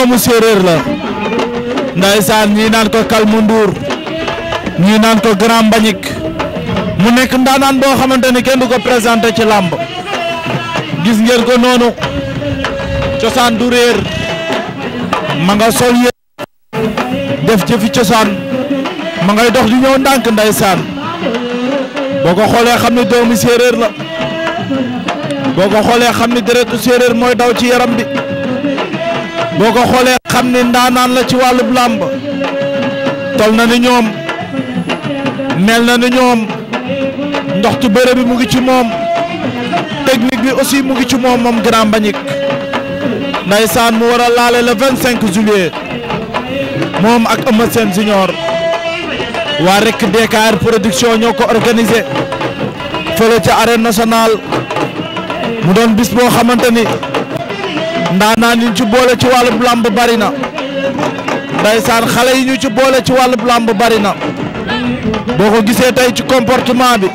doomu séeréer la ndaysaan ñii naan ko Kalmu Ndour ñii naan ko Grand Mbagnick mu nekk ndaanaan boo xamante ni kenn ko présenté ci làmb gis ngeen ko noonu cosaan du réer ma nga sol yéen def jëfi cosaan ma ngay dox di ñëw ndànk ndaysaan boo ko xoolee xam ne doomu séeréer la boo ko xoolee xam ne deretu séeréer mooy daw ci yaram bi boo ko xoolee xam ni ndaanaan la ci wàllub làmb tol na ni ñoom mel na ni ñoom ci bëre bi mu ngi ci moom technique bi aussi mu ngi ci moom moom Grand Mbagnick ndaysaan mu war a laale le 25 juillet moom ak Eumeu Sène Junior waa rek DKR production ñoo ko organisé fële ca arène nationale mu doon bis boo xamante ni ndaanaan yi ci boole ci wàllub làmb bari na ndaysaan xale yi ñu ci boole ci wàllub làmb bari na boo ko gisee tey ci comportement bi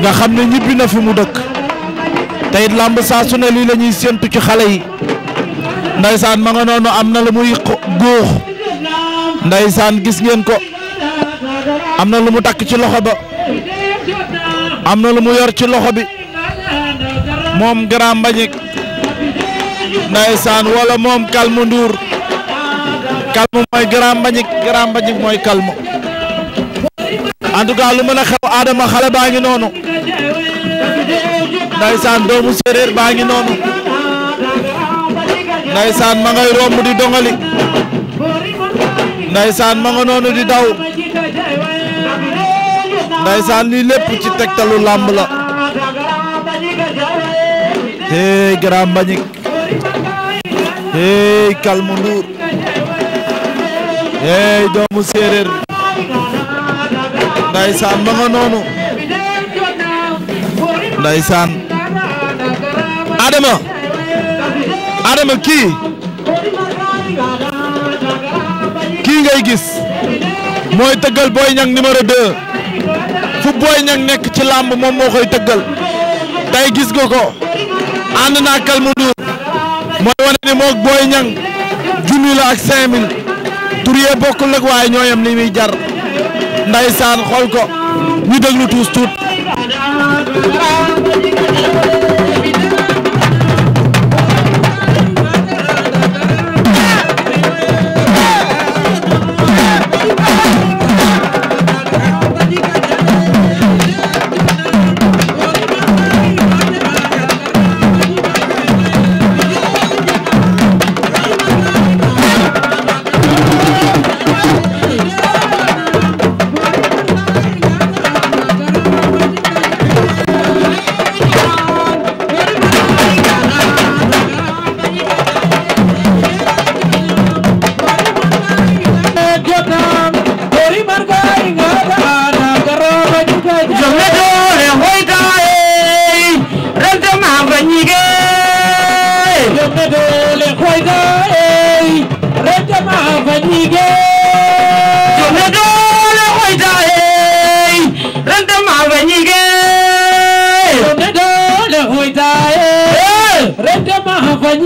nga xam ne ñibbi na fi mu dëkk tey làmb saa su ne lii la ñuy ci xale yi ndaysaan ma nga noonu am na lu muy góox ndaysaan gis ngeen ko am na lu mu takk ci loxo ba am na lu mu yor ci loxo bi moom grand Mbagnick ndaysaan wala moom Calme Ndour Calme mooy Grand Mbagnick Grand Mbagnick mooy Calme en tout lu mën a xew Adama xale baa ngi noonu ndaysaan doomu séeréer baa ngi noonu ndaysaan ma ngay romb di dongali ndaysaan ma nga noonu di daw ndaysaan lii lépp ci tegtalu làmb la hey Grand Mbagnick hey Calme Ndour hey doomu séeréer ndaysaan ma nga noonu ndaysaan Adama Adama kii kii ngay gis mooy tëggal Boy Niang numéro 2 fu Boy Niang nekk ci làmb moom moo koy tëggal tey gis nga ko naa Calme mooy wane ni moog Boy Niang junni la ak 5000 tur yee bokkul nag waaye ñooyam li muy jar ndeysaan xool ko ñu déglu tuus tuut.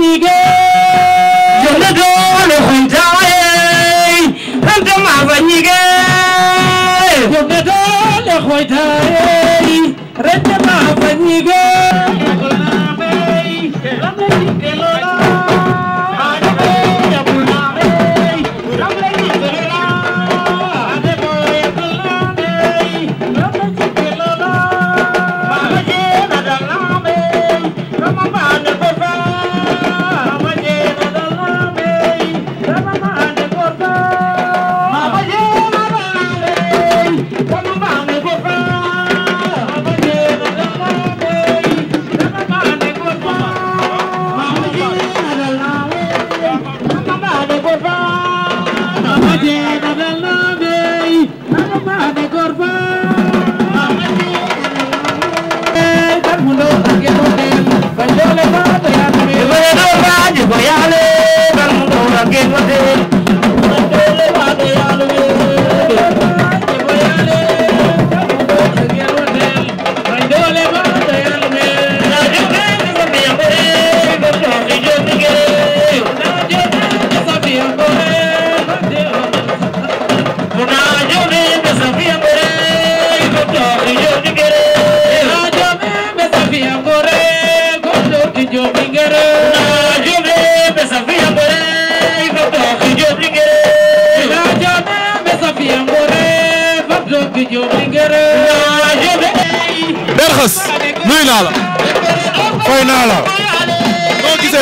Miguel.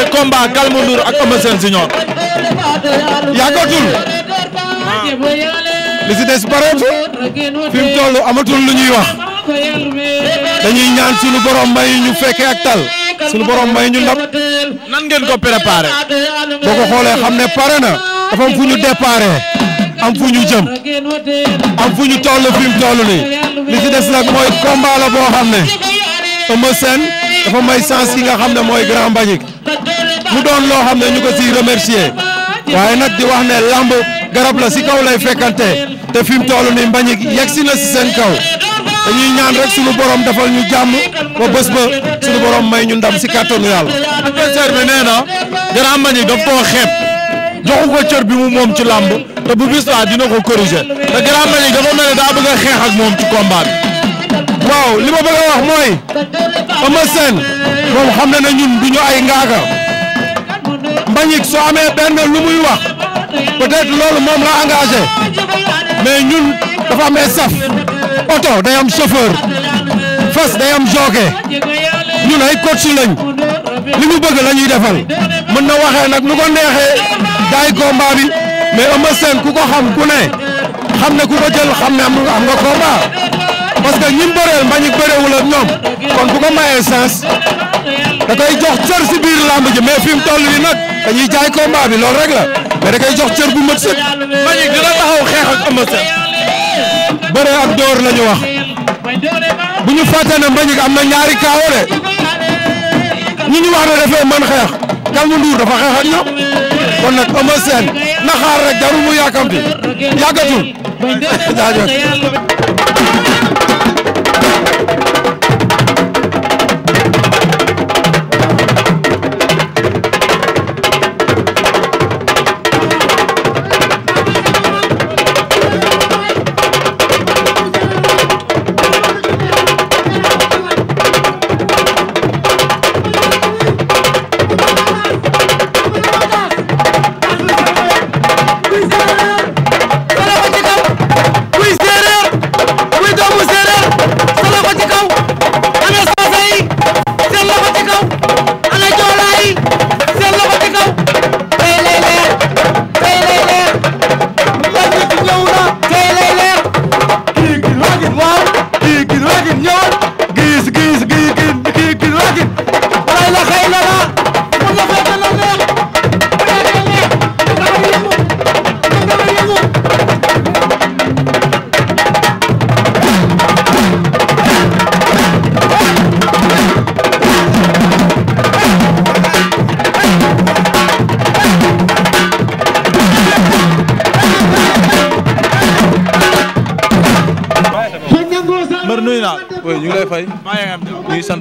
premier combat Calme Ndour ak Eumeu Sène Junior yàggatul li si des bareetul fi mu toll amatul lu ñuy wax dañuy ñaan suñu borom may ñu fekke ak tal suñu borom may ñu ndam nan ngeen ko préparé boo ko xoolee xam ne pare na dafa am fu ñu déparé am fu ñu jëm am fu ñu toll fi mu toll nii li si des nag mooy combat la boo xam ne Eumeu dafa may sens ki nga xam ne mooy grand Mbagnick mu doon loo xam ne ñu ko siy remercier waaye nag di wax ne lamb garab la si kaw lay fekkante te fi mu toll nii mbañik yegg si na si seen kaw dañuy ñaan rek sunu borom defal ñu jàmm ba bés ba sunu borom may ñu ndam si kàttanu yàlla. adversaire bi nee na grand mbañik daf koo xeeb joxu ko cër bi mu moom ci lamb te bu bis laa dina ko corriger te grand mbañik dafa mel daa bëgg a ak moom ci combat bi. waaw li ma bëgg a wax mooy Eumeu Sène moom xam na ne ñun du ñu ay ngaaga. Mbagnick soo amee benn lu muy wax peut-être loolu moom la engagé mais ñun dafa am saf oto day am chauffeur fas day am jockey ñun ay coach lañ li mu bëgg la defal mën na waxee nag nu ko neexee daay combat bi mais Eumeu Sène ku ko xam ku ne xam ne ku ko jël xam ne am nga combat parce que ñi mu bëreel Mbagnick bëreewul ak ñoom kon bu ko mayee sens da koy jox cër si biir làmb ji mais fi mu toll nii nag. dañuy jaay combat bi loolu rek la mais da jox cër bu mët sëkk. ma ñu gën a taxaw xeex ak Eumeu Sène. bëre ak door la ñu wax bu ñu fàtte ne Mbagnick am na ñaari kaawo de ñi ñu wax ne dafay mën xeex Calme Ndour dafa xeex ak ñoom kon nag Eumeu Sène na xaar rek jarul mu yàkkamti yàggatul jaajëf.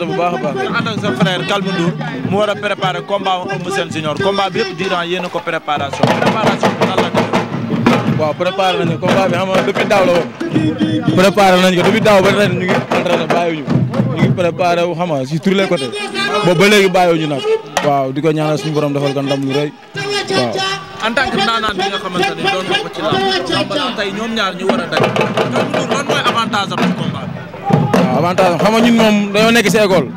bu baax a baax. a ko préparation préparation bi nan la def. waaw préparé nañu combat bi xam la préparé nañu ko depuis daaw ba ren ñu ngi entraîné bàyyiwuñu ñu ngi préparé wu xam nga si tous les côtés boobu ba léegi bàyyiwuñu nag. waaw di ko ñaanal suñu borom defal ko ndam lu rëy waaw. en tant que naanaan ne ko ci làmb tey ñoom ñaar ñu war a daj ñoom Ndour lan mooy avantage am ci waaw avantage xam nga ñun moom dañoo nekk si école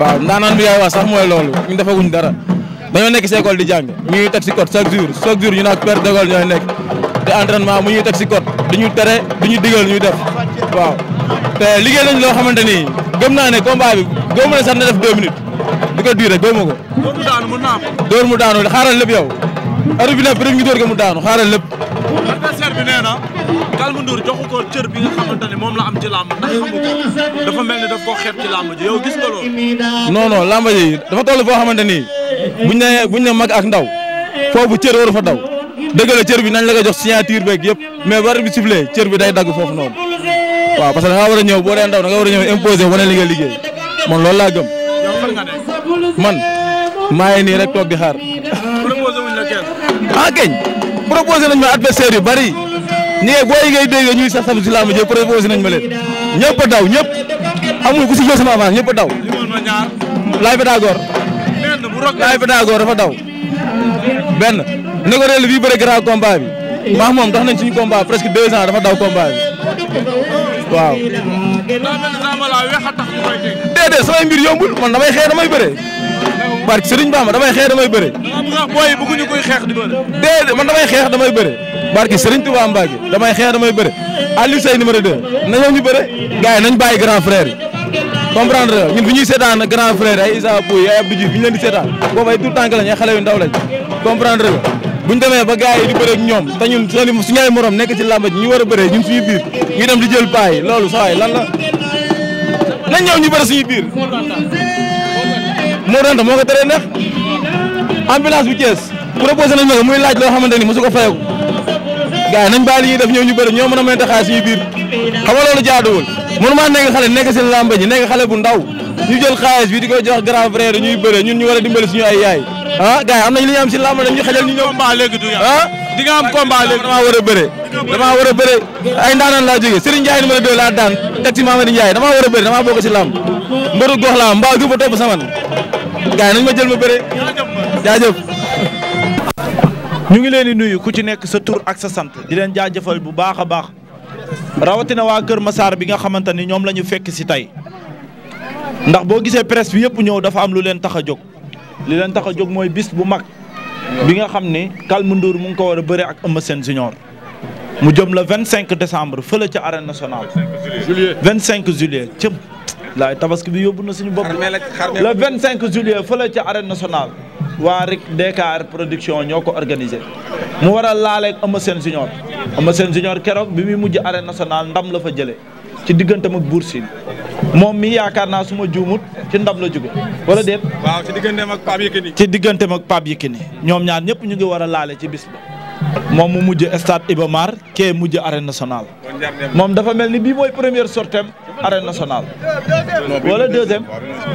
waaw ndaanaan bi yaay wax sax mooy loolu ñun defaguñ dara dañoo nekk si école di jàng mu ngi teg si code chaque jour chaque jour ñu naan père d'école ñooy nekk te entraînement mu ñuy teg si code ñu tere duñu digal ñuy def waaw te liggéey lañ loo xamante ni gëm naa ne combat bi gëm na sax na def deux minutes di ko diir rek gëm ko. dóor mu daanu mën naa ko. dóor mu daanu xaaral lépp yow. arbitre bi nag peut ñu dóor ko mu daanu xaaral lépp. adversaire bi nee na Calme Ndour bi nga xamante ne moom la am ci làmb ndax xamu dafa mel ni daf koo xeeb ci làmb ji yow gis nga loolu. non non làmb ji dafa toll foo xamante ni buñ ne buñ ne mag ak ndaw foofu cër waru fa daw dëgg la cër bi nañ la ko jox signature beeg yëpp mais war bi sifflé cër dagg foofu noonu waaw parce que da nga war a ñëw boo ndaw da nga war a wane li nga liggéey man loolu laa gëm. man maa ngi nii rek toog di xaar. proposé nañ ma adversaire yu bari ñi ngay booy yi ngay dégg ñuy sax salu si làmb ji proposé nañ ma leen ñëpp daw ñëpp amul ku si jël sama avance ñëpp a daw. laay Pythagore. laay Pythagore dafa daw. benn ne ko réel bii bëre grand combat bi moom dox nañ suñu combat presque deux ans dafa daw combat bi waaw. déedéet samay mbir yombul man damay xeex damay bëre. barke Serigne Bamba damay xeex damay bëre. booy bëgguñu koy xeex di damay xeex damay bëre. barke Serigne Touba Mbacke damay xeex damay bëre ñu bëre. gars yi nañ bàyyi grand frère comprendre ñun bu ñuy seetaan grand frère ay Issa Pouye ay Abdou Diouf ñu leen di seetaan boobu ay tout xale yu ndaw lañ comprendre la bu ñu demee ba gars yi di bëre ñoom te ñun morom nekk ci làmb ji ñu war a bëree ñun suñu biir ñu dem di jël paay loolu saa yi lan la nañ ñëw ñu bëre suñu biir moo doon moo ko teree neex ambulance bu Thiès proposé nañ ma ko muy laaj loo xamante ni mosu ko fayeku gars yi nañ bàyyi li ñuy def ñëw ñu bëri ñoo mën a mën a taxaay suñu biir xam nga loolu jaaduwul mënuma nekk xale nekk seen làmb ji nekk xale bu ndaw ñu jël xaalis bi di ko jox grand frère bëre ñun ñu war a dimbali suñu ay yaay ah gars yi am nañ li ñu am si làmb dañ ñu xajal ñu ñëw combat léegi du ah di nga am combat a bëre damaa war a bëre ay ndaanaan laa jógee Serigne Ndiaye numéro a bëre damaa bokk si làmb mbëru gox laa mbaa gi ba topp gars yi nañ ma jël ma bëre jaajëf. ñu ngi leen di nuyu ku ci nekk sa tur ak sa sant di leen jaajëfal bu baax a baax rawatina waa Kër Massar bi nga xamante ni ñoom la fekk si tey ndax boo gisee presse bi yëpp ñëw dafa am lu leen tax a jóg li leen tax a jóg mooy bis bu mag bi nga xam ni Calme mu ngi ko war a bëre ak Eumeu Sène Junior mu jëm vingt cinq décembre fële ca arène nationale. 25 juillet 25 cëm. laay tabaski bi yóbbu na suñu bopp le 25 juillet fële ci arène nationale waa rek Dakar production ñoo ko organisé mu war a laaleeg Eumeu Sène junior Eumeu Sène keroog bi muy mujj arène nationale ndam la fa jëlee ci digganteem ak Bour Sine moom mi yaakaar naa suma ma juumut ci ndam la jóge wala déet. waaw ci digganteem ak Pape Yekini. ci digganteem ak Pape Yekini ñoom ñaar ñëpp ñu ngi war a laale ci bis ba. moom mu mujj stade Iba Mar kee mujj arène nationale. moom dafa mel ni bii mooy première sortem arène nationale. wala deuxième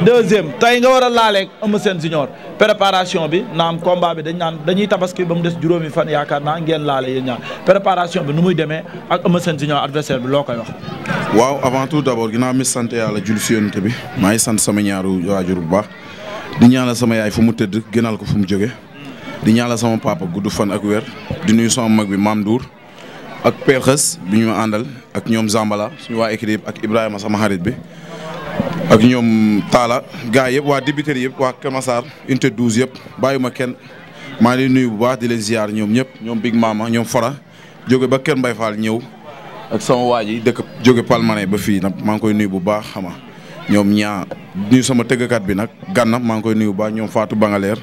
deuxième tey nga war a laaleeg Eumeu Sène junior préparation bi naam combat bi dañ naan dañuy tabaski ba mu des juróomi fan yaakaar naa ngeen laale yéen ñaar préparation bi nu muy demee ak Eumeu Sène junior adversaire bi loo koy wax. waaw avant tout d'abord ginnaaw mis sant yàlla jul si yonent bi maa ngi sant sama ñaaru waajur bu baax di ñaanal sama yaay fu mu tëdd gënal ko fu mu jóge di ñaanal sama papa gudd fan ak weer di nuyu sama mag bi Maam Ndour ak Père Xës ñu àndal ak ñoom Zambala suñu waa yëpp ak Ibrahima sama xarit bi ak ñoom Talla gars yëpp waa dibiteri yëpp waa kemasaar Massar unité 12 yëpp bàyyuma kenn maa ngi nuyu bu baax di leen ziar ñoom ñëpp ñoom Big Mama ñoom Fara jóge ba Kër Mbay Fall ñëw ak sama waa ji dëkk jóge Palmarin ba fii nag maa ngi koy nuyu bu baax xama ñoom ñaa nuyu sama tëggkat bi nag gànna maa ngi koy nuyu bu baax ñoom Fatou Bangaleer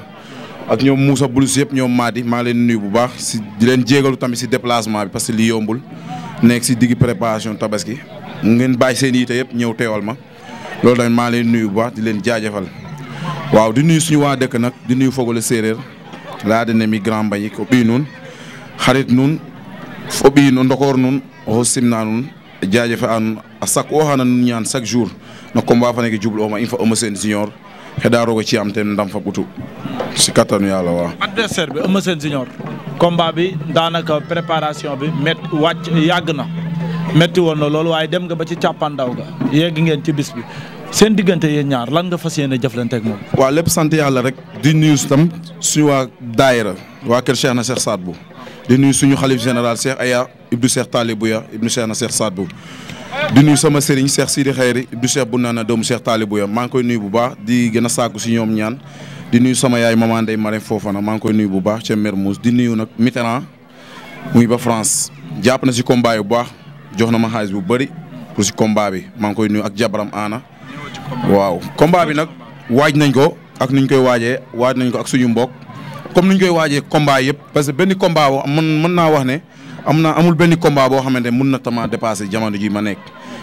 ak ñoom Moussa Bulus yëpp ñoom Madi maa leen nuyu bu baax si di leen jéegalu tamit si déplacement bi parce li yombul nekk si digg préparation tabaski ngeen bàyyi seen yite yëpp ñëw teewal ma loolu tamit maa leen nuyu bu baax di leen jaajafal waaw di nuyu suñu waa dëkk nag di nuyu Fogole séeréer laa dina mi grand mbañi ko bii nun xarit nun fo bii nun ndokoor nun oxo naa nun jaajëfa a nun a sak oxana nun ñaan chaque jour no combat fa neke jublu oma xedaa ci am te ndam fa gutu si kattanu yàlla waaw. adversaire bi Eumeu Sène Junior combat bi daanaka préparation bi met wàcc yàgg na metti woon na loolu waaye dem nga ba ci càppandaw ga yegg ngeen ci bis bi seen diggante yéen ñaar lan nga fas yéene jëflante ak moom. waa lépp sant yàlla rek di nuyu tam suñu waa daayira waa kër Cheikh na Cheikh Saad bu di nuyu suñu xalif général Cheikh Aya ibnu Cheikh Talibouya ibnu Cheikh na Cheikh Saad bu di nuyu sama sëriñ Cheikh Sidi Xayri du Cheikh bu naan doomu Cheikh Talibou ya maa ngi koy nuyu bu baax di gën a sàkku si ñoom ñaan di nuyu sama yaay maman Ndeye Marème Fofana maa ngi koy nuyu bu baax ca Mermoz di nuyu nag Mitterrand muy ba France jàpp na si combat yi bu baax jox na ma xaalis bu bëri pour si combat bi maa ngi koy nuyu ak jabaram Aana waaw combat bi nag waaj nañ ko ak nuñ koy waajee waaj nañ ko ak suñu mbokk comme nuñ koy waajee combat yëpp parce que benn combat man mën naa wax ne am na amul benn combat boo xamante ne mun na tama dépassé jamono ji ma nekk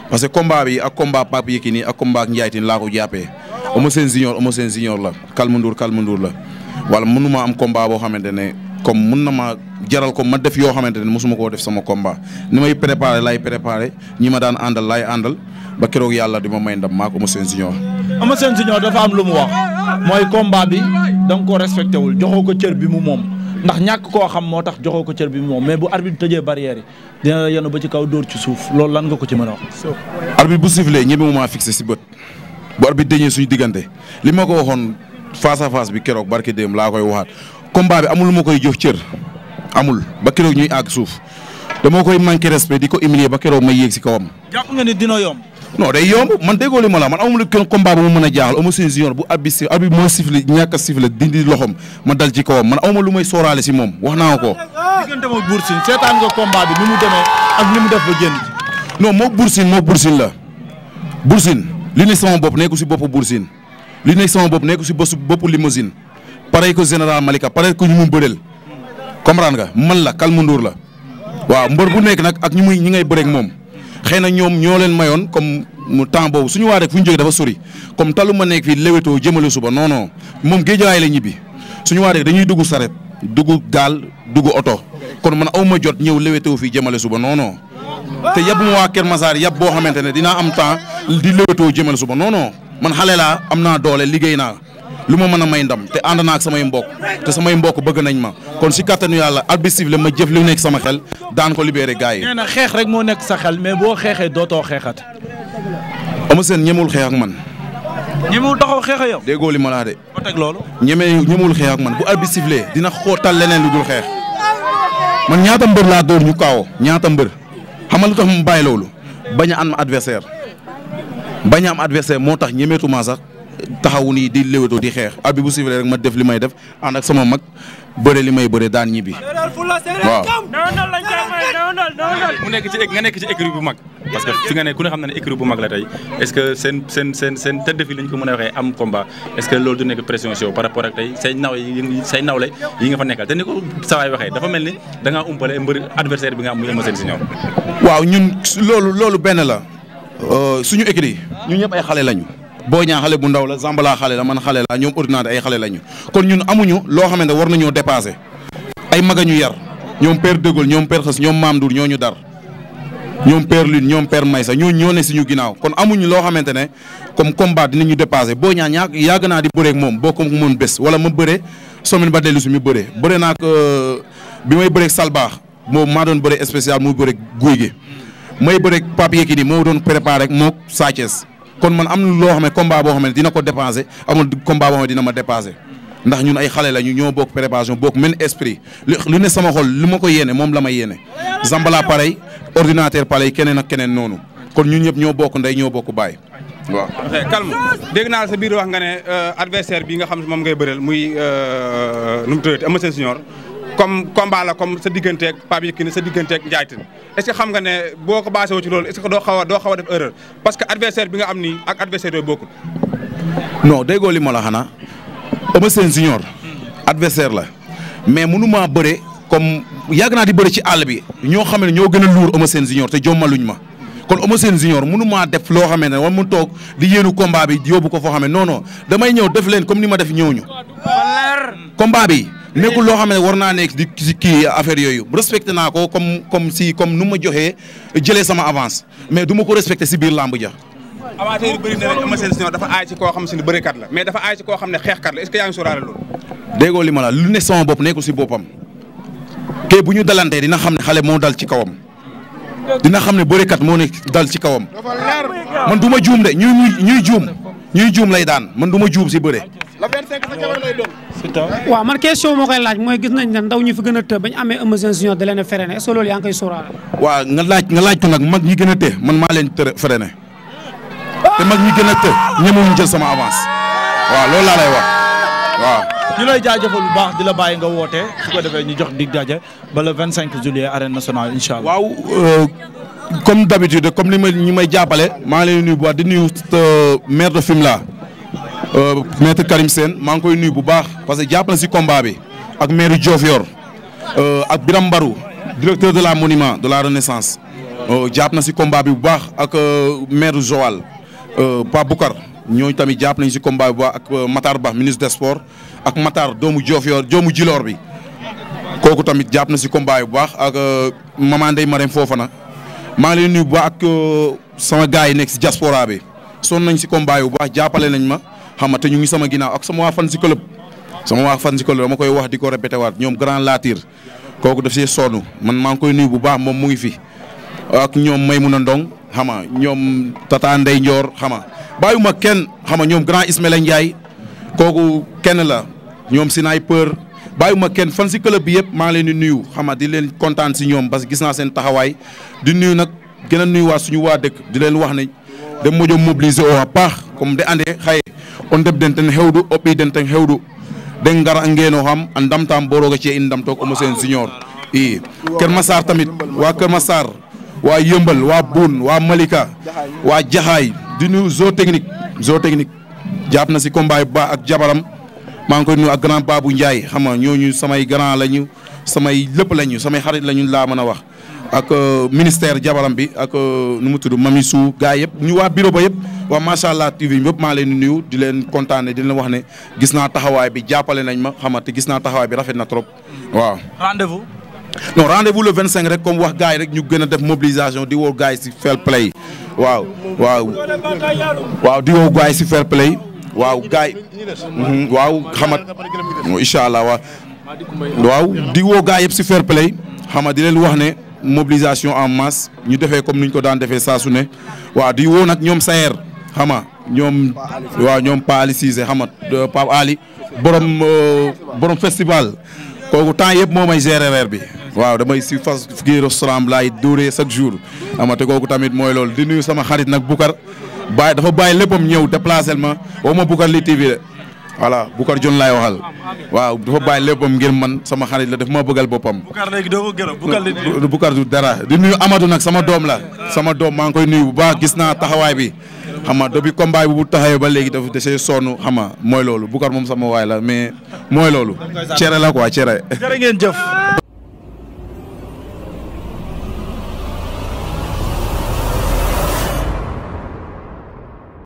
parce que combat bi ak combat Pape Yékini ak combat ak Ndiaye Tine laa ko jàppee Eumeu Sène junior Eumeu Sène la Calme Ndour ma Ndour la am combat boo xamante ne comme mun na ma jaral ko ma def yoo xamante ne mosuma koo def sama combat ni may préparé laay préparé ñi ma daan àndal laay àndal ba keroog yàlla di ma may ndam maak Eumeu Sène junior Eumeu Sène junior dafa am lu wax mooy combat bi da nga ko respecté wul ko cër bi mu moom ndax ñàkk koo xam moo tax joxoo ko cër bi moom mais bu arbitre bi tëjee barrière yi dina la ba ci kaw dóor ci suuf loolu lan nga ko ci mën a wax. arbitre bu sifflé ñemewu maa fixé si bët bu arbitre dañee suñu diggante li ma ko waxoon face à bi keroog barki démb laa koy waxaat combat bi amul lu ma koy jox cër amul ba keroog ñuy àgg suuf dama koy manqué respect di ko humilier ba keroog may yéeg si kawam. jàpp nga ni non day yomb man déggoo li ma la man amuma lu kenn combat bu ma mën a jaaxal si Sène junior bu abbi si abbi moo sifli ñàkk a sifli dindi loxom ma dal ci kawam man amuma lu may sóoraale si moom wax naa ko. diggante moom Bour Sine seetaan nga combat bi ni mu demee ak ni mu def ba génn. non moom Bour Sine moom Bour Sine la Bour Sine li nekk sama bopp nekku si boppu Bour Sine nekk sama bopp nekku si boppu Limousine pareil que général Malika pareil que ñu mu bëreel comprendre nga man la Kalmu Ndour la waaw mbër bu nekk nag ak ñu muy ñi ngay bëreeg moom. xëy na ñoom ñoo leen mayoon comme mu temps boobu suñu waa rek fu ñu jógee dafa sori comme talu ma nekk fii léwétoo jëmale suba non non moom géejawaay la ñibbi suñu waa rek dañuy dugg saret dugg gaal duggu oto kon man aw ma jot ñëw léwétoo fii jëmale suba non non te yab ma waa Kër Masaar yab boo xamante ne dinaa am temps di léwétoo jëmale suba non non man xale laa am naa doole liggéey naa lu ma mën a may ndam te ànd samay mbokk te samay mbokk bëgg nañ ma kon si kattanu yàlla albisif la ma jëf li nekk sama xel daan ko libéré gars yi. nee na xeex rek moo nekk sa xel mais boo xeexee dootoo xeexat. Eumeu Sène ñemewul xeex ak man. ñemewul taxaw xeex ak yow. li ma teg loolu. ñemee ñemewul xeex man bu albisif lee dina xootal leneen lu dul xeex man ñaata mbër laa dóor ñu kaawoo ñaata mbër xamal lu tax mu bàyyi loolu bañ a am adversaire bañ a am adversaire moo tax ñemeetuma sax taxawu nii di léwétoo di xeex ab bi bu sifflé rek ma def li may def ànd ak sama mag bëre li may bëre daan ñibbi. waaw. mu nekk ci nga nekk ci écurie bu mag. parce que fi nga ne ku ne xam na ne écurie bu mag la tey est-ce que seen seen seen seen tëdd fi lañ ko a waxee am combat est-ce que loolu du nekk pression si yow par rapport ak tey say naw yi yi nga fa nekkal te ni ko sawaay waxee dafa mel ni da ngaa umpale mbër adversaire bi nga am muy Eumeu Sène si ñoom. waaw ñun loolu loolu benn la euh, suñu écurie ñun ñëpp ay xale lañu. boo ñaa xale bu ndaw la Zambala xale la man xale la ñoom ordinateur ay xale la kon ñun amuñu loo xamante war nañoo dépassé ay mag a ñu yar ñoom père De Gaulle ñoom per xës ñoom Maam Ndour ñoo ñu dar ñoom père Lune ñoom per Maysa ñoo ñoo ne suñu ginaaw kon amuñu loo xamante ne comme dina ñu dépassé boo ñaa ñaa yàgg naa di bëreek moom boo ko moom bés wala ma bëre semaine ba dellu su mi bëre bëre naa ko euh, bi may bëreek Salbaax moom maa doon bëre spécial mu bëreek Guy gi may bëreek Pape Yekini moo doon préparé ak mook Sa kon man am na loo xam ne combat boo xam ne dina ko dépensé amul combat boo xam dina ma dépassé ndax ñun ay xale la ñu ñoo bokk préparation bokk même esprit lu ne sama xol lu ma ko yéene moom la may yéene Zambala parey ordinateur parey keneen ak keneen noonu kon ñun ñëpp ñoo bokk ndey ñoo bokk baay waaw. calme dégg naa sa biir wax nga ne euh, adversaire bi nga xam moom ngay bëreel muy euh, nu mu tuddati Eumeu Sène Junior comme combat la comme sa digganteeg Pape Yékini sa digganteeg Ndiaye Tine est-ce que xam nga ne boo ko basé wu ci loolu est-ce que doo xaw a doo xaw a def erreur parce que adversaire bi nga am nii ak adversaire yooyu bokkul. non déggoo li ma la xanaa Eumeu Sène junior adversaire la mais mënu maa bëre comme yàgg naa di bëri ci àll bi ñoo xam ne ñoo gën a luur Eumeu Sène junior te jommaluñ ma. kon Eumeu Sène junior munu maa def loo xamante ne wala mu toog di yéenu combat bi yóbbu ko foo xam ne non damay ñëw def leen comme ni ma def ñëw ñu. nekkul loo xam ne war naa nekk di si kii affaire yooyu respecté naa ko comme comme si comme nu ma joxee jëlee sama avance mais du ma ko respecté si biir làmb ja amateur yu dafa aay ci koo xam si ne bërikat la mais dafa aay koo xam ne xeexkat la est-ce que yaa li ma la lu ne sama bopp nekkul si boppam te bu ñu dalantee dina xam ne xale moo dal ci kawam dina xam ne bërikat moo nekk dal ci kawam man du ma juum de ñuy ñuy juum ñuy juum lay daan man du ma juum si bëre waaw man question moo koy laaj mooy gis nañ ne ndaw ñi fi gën a të bañ amee Eumeu Sène da leen a freiné est-ce loolu yaa ngi koy nga laaj nga laaj ko nag mag ñi gën a të man maa leen të freiné te mag ñi gën a të ñemewuñ jël sama avance waaw loolu laa lay wax waaw. ñu lay jaajëfal bu baax di la bàyyi nga woote ko defee ñu jox dig daje ba le 25 juillet arène nationale incha allah. waaw euh, comme d'habitude comme li ma ñu may jàppale maa ngi leen di nuyu bu baax di nuyu euh, maire de laa Euh, maître Karim Sène maa ngi koy nuyu bu baax parce que jàpp na si combat bi ak maire Diofior euh, ak Biram Mbaru directeur de la monument de la renaissance euh, jàpp na si combat bi bu baax ak maire Joal Pape Boucar ñooñu tamit jàpp nañu si combat ak Matar Ba ministre des ak Matar doomu Diofior doomu Djilor bi kooku tamit jàpp na si combat bu baax ak maman Ndeye Marème Fofana maa ngi leen nuyu bu baax ak sama gars yi nekk si diaspora bi sonn nañ si combat bu baax jàppale nañ ma. xam nga te ñu ngi sama ginnaaw ak sama waa fan si club sama waa fan si club dama koy wax di ko répété waat ñoom grand latir kooku daf see sonn man maa ngi koy nuyu bu baax moom mu ngi fi ak ñoom Maymuna Ndong xam nga ñoom Tata Ndey Ndior xam nga bàyyiwuma kenn xam nga ñoom grand Ismaila Ndiaye kooku kenn la ñoom Sinaay Peur bàyyiwuma kenn fan si club bi yëpp maa ngi leen di nuyu xam nga di leen kontaan si ñoom parce que gis naa seen taxawaay di nuyu nag gën a nuyu waa suñu waa dëkk di leen wax ne da moƴo mobiliser o a paax comme de ande xaye on debdenten hewdu o xew hewdu den ngara ngeno xam a ndamtam bo roga ci'e in ndamtoog o moseen signor i Keur Massar tamit wa Keur Massar waa Yeumbeul waa Boun wa Malika wa Jaxaay di zoo technique zoo technique jàpp na si combat ba ak jabaram maa ngi koy ak grand Babou Ndiaye xam nga ñooñu samay grand lañu samay lépp lañu samay xarit lañu laa mën a wax ak euh, ministère jabaram bi ak euh, nu mu tudd Mami gaa yëpp ñu waa bureau ba yëpp waa macha allah TV ñëpp maa leen di nuyu di leen kontaane di leen wax ne gis na taxawaay bi jàppale nañ ma xamante gis naa taxawaay bi rafet na trop waaw. rendez-vous. non vingt vous le rek comme wax gaay rek ñu gën a def mobilisation di woo gaay si fair play waaw waaw waaw di woo si fair waaw gars mhm, waaw xamat allah waaw waaw di woo gars yëpp si fair play xama di leen wax ne mobilisation en masse ñu defee comme niñ ko daan defee saa ne waaw di woo nag ñoom sayer xam nga ñoom. waaw ñoom Pa Ali Cissé xam nga euh, Pape Ali euh, borom festival. kooku temps yëpp moo may gérer bi. waaw damay si fas kii restaurant laay dóoree chaque jour. amate kooku tamit mooy lool di nuyu sama xarit nag Bukar bàyyi dafa bàyyi léppam ñëw déplacé ma woo ma Bukar li TV de. voilà Bukar Jon laay waxal. waaw dafa bàyyi léppam ngir man sama xarit la def ma bëggal boppam. Bukar li Bukar du dara di nuyu Amadou nag sama doom la. sama doom maa ngi koy nuyu bu gis naa taxawaay bi. xam nga depuis combat bu taxawee ba léegi dafa desee sonn xam nga mooy bu Boucar moom sama waay la mais mooy loolu. cere la quoi cere. jërë ngeen jëf.